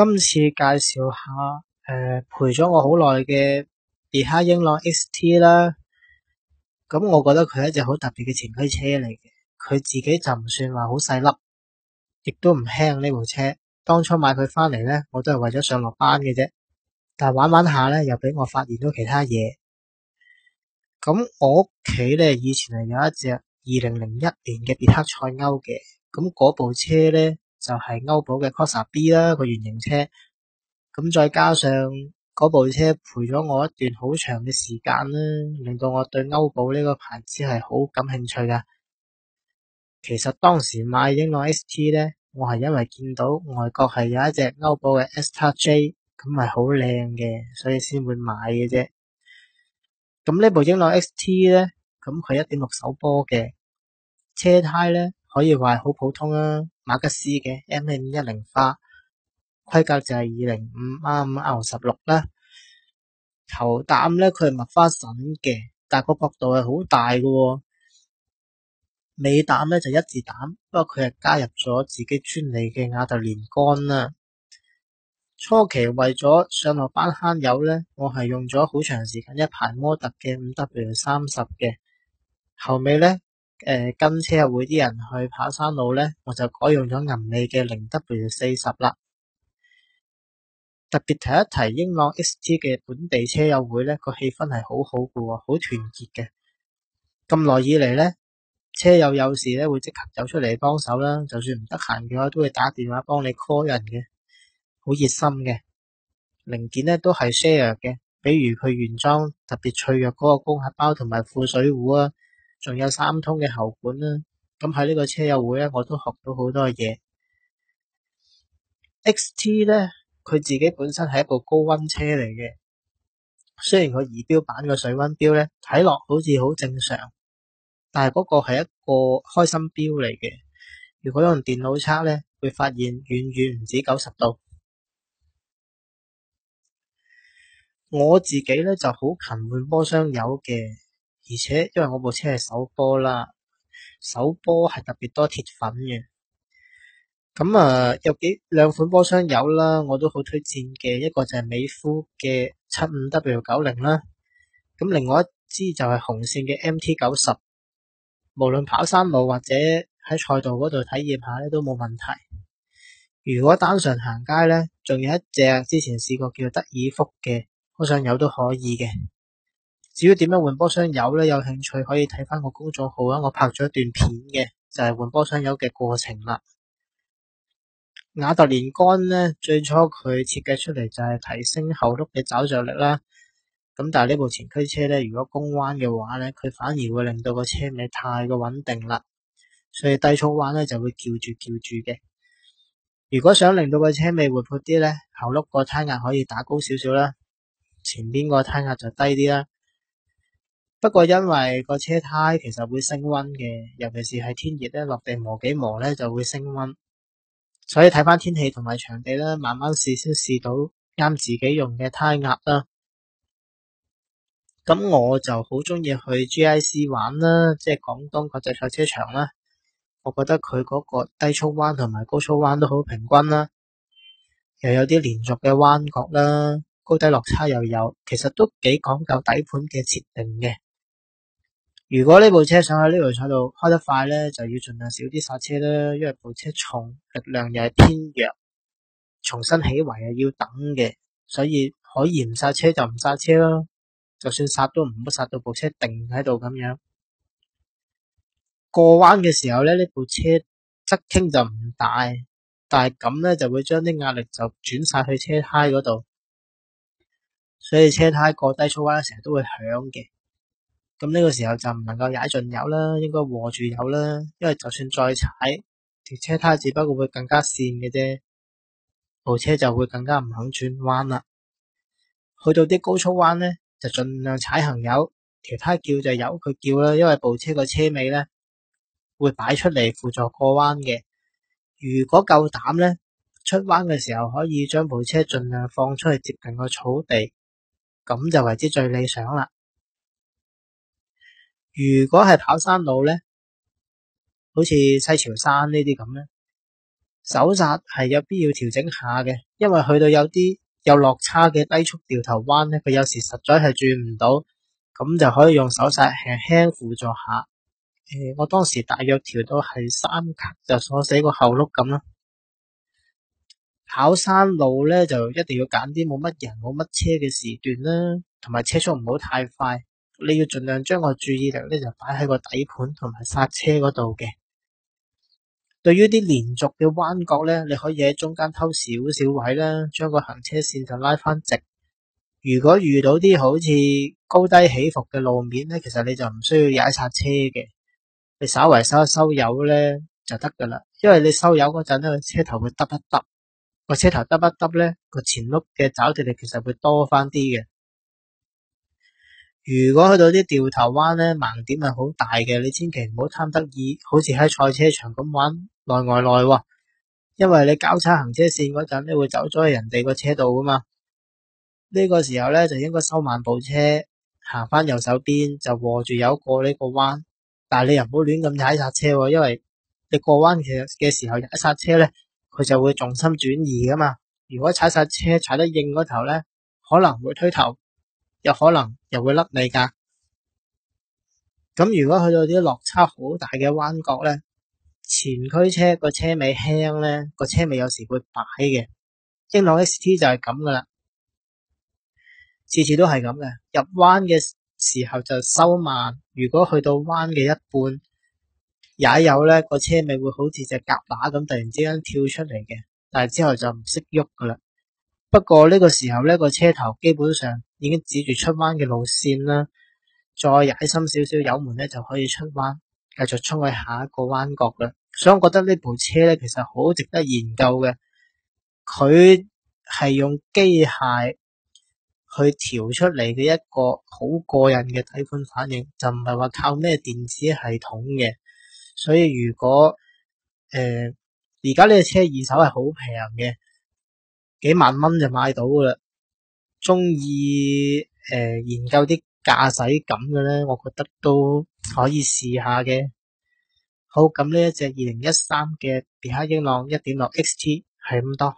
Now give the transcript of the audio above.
今次介紹下，誒、呃，陪咗我好耐嘅別克英朗 XT 啦。咁、嗯、我覺得佢係一隻好特別嘅前驅車嚟嘅。佢自己就唔算話好細粒，亦都唔輕呢部車。當初買佢翻嚟咧，我都係為咗上落班嘅啫。但係玩玩下咧，又俾我發現咗其他嘢。咁、嗯、我屋企咧，以前係有一隻二零零一年嘅別克賽歐嘅。咁、嗯、嗰部車咧。就係歐寶嘅 Corsa B 啦，個原型車咁再加上嗰部車陪咗我一段好長嘅時間啦，令到我對歐寶呢個牌子係好感興趣嘅。其實當時買英朗 XT 咧，我係因為見到外國係有一隻歐寶嘅 Astra J 咁係好靚嘅，所以先會買嘅啫。咁呢部英朗 XT 咧，咁佢一點六手波嘅車胎咧，可以話係好普通啊。馬克思嘅 M 零一零花規格就係二零五五五 R 十六啦，頭膽咧佢係麥花臣嘅，但係個角度係好大嘅，尾膽咧就一字膽，不過佢係加入咗自己專利嘅瓦特連杆啦。初期為咗上落班慳油咧，我係用咗好長時間一排摩特嘅五 W 三十嘅，後尾咧。誒、呃、跟車友會啲人去跑山路咧，我就改用咗銀利嘅零 W 四十啦。特別提一提英朗 XT 嘅本地車友會咧，個氣氛係好好嘅，好團結嘅。咁耐以嚟咧，車友有事咧會即刻走出嚟幫手啦，就算唔得閒嘅話都會打電話幫你 call 人嘅，好熱心嘅。零件咧都係 share 嘅，比如佢原裝特別脆弱嗰個公盒包同埋副水壺啊。仲有三通嘅喉管啦，咁喺呢個車友會咧，我都學到好多嘢。XT 咧，佢自己本身係一個高温車嚟嘅，雖然個儀錶板個水溫錶咧睇落好似好正常，但係嗰個係一個開心錶嚟嘅。如果用電腦測咧，會發現遠遠唔止九十度。我自己咧就好勤換波箱油嘅。而且，因為我部車係手波啦，手波係特別多鐵粉嘅。咁啊，有幾兩款波箱油啦，我都好推薦嘅。一個就係美孚嘅七五 W 九零啦。咁另外一支就係紅線嘅 MT 九十，無論跑山路或者喺賽道嗰度體驗下咧，都冇問題。如果單純行街咧，仲有一隻之前試過叫德爾福嘅，我想油都可以嘅。至於點樣換波箱油呢？有興趣可以睇翻我公眾號啊！我拍咗一段片嘅，就係、是、換波箱油嘅過程啦。雅特連杆呢，最初佢設計出嚟就係提升後碌嘅抓著力啦。咁但係呢部前驅車呢，如果攻彎嘅話呢，佢反而會令到個車尾太過穩定啦，所以低速彎呢就會叫住叫住嘅。如果想令到個車尾活潑啲呢，後碌個胎壓可以打高少少啦，前邊個胎壓就低啲啦。不過因為個車胎其實會升溫嘅，尤其是係天熱咧，落地磨幾磨咧就會升溫，所以睇翻天氣同埋場地咧，慢慢試先試到啱自己用嘅胎壓啦。咁我就好鍾意去 GIC 玩啦，即係廣東國際賽車場啦。我覺得佢嗰個低速彎同埋高速彎都好平均啦，又有啲連續嘅彎角啦，高低落差又有，其實都幾講究底盤嘅設定嘅。如果呢部車想喺呢度踩到開得快呢，就要盡量少啲剎車啦，因為部車重，力量又係偏弱，重新起圍又要等嘅，所以可以唔剎車就唔剎車啦。就算剎都唔好剎到部車定喺度咁樣。過彎嘅時候呢，呢部車側傾就唔大，但係咁呢，就會將啲壓力就轉晒去車胎嗰度，所以車胎過低速彎成日都會響嘅。咁呢個時候就唔能夠踩盡油啦，應該和住油啦，因為就算再踩，條車胎只不過會更加跣嘅啫，部車就會更加唔肯轉彎啦。去到啲高速彎呢，就盡量踩行油，條胎叫就由佢叫啦，因為部車個車尾呢會擺出嚟輔助過彎嘅。如果夠膽呢，出彎嘅時候可以將部車盡量放出去接近個草地，咁就為之最理想啦。如果係跑山路咧，好似西樵山呢啲咁咧，手剎係有必要調整下嘅，因為去到有啲有落差嘅低速掉頭彎咧，佢有時實在係轉唔到，咁就可以用手剎輕輕輔助下。誒，我當時大約調到係三級就鎖死個後轆咁啦。跑山路咧就一定要揀啲冇乜人冇乜車嘅時段啦，同埋車速唔好太快。你要儘量將個注意力咧就擺喺個底盤同埋煞車嗰度嘅。對於啲連續嘅彎角咧，你可以喺中間偷少少位啦，將個行車線就拉翻直。如果遇到啲好似高低起伏嘅路面咧，其實你就唔需要踩煞車嘅，你稍為收一收油咧就得㗎喇。因為你收油嗰陣咧，車頭會耷一耷，個車頭耷一耷咧，個前轆嘅抓地力其實會多翻啲嘅。如果去到啲掉頭彎咧，盲點係好大嘅，你千祈唔好貪得意，好似喺賽車場咁玩內外內內、哦，因為你交叉行車線嗰陣，你會走咗去人哋個車道噶嘛。呢、呢個時候咧就應該收慢部車，行翻右手邊就和住有過呢個，個彎。但係你又唔好亂咁踩剎車、哦，因為你過彎其嘅時候一剎車咧，佢就會重心轉移噶嘛。如果踩剎車踩得硬嗰頭咧，可能會推頭。有可能又會甩你噶。咁如果去到啲落差好大嘅彎角呢，前驅車個車尾輕呢，個車尾有時會擺嘅。英朗 XT 就係咁噶啦，次次都係咁嘅。入彎嘅時候就收慢，如果去到彎嘅一半，也有呢個車尾會好似隻夾乸咁，突然之間跳出嚟嘅，但係之後就唔識喐噶啦。不過呢個時候呢個車頭基本上，已經指住出彎嘅路線啦，再踩深少少油門咧，就可以出彎，繼續衝去下一個彎角啦。所以我覺得呢部車咧，其實好值得研究嘅。佢係用機械去調出嚟嘅一個好過癮嘅底盤反應，就唔係話靠咩電子系統嘅。所以如果誒而家，呢個車二手係好平嘅，幾萬蚊就買到噶啦。中意誒研究啲駕駛感嘅咧，我覺得都可以試下嘅。好，咁呢一隻二零一三嘅別克英朗一點六 XT 係咁多。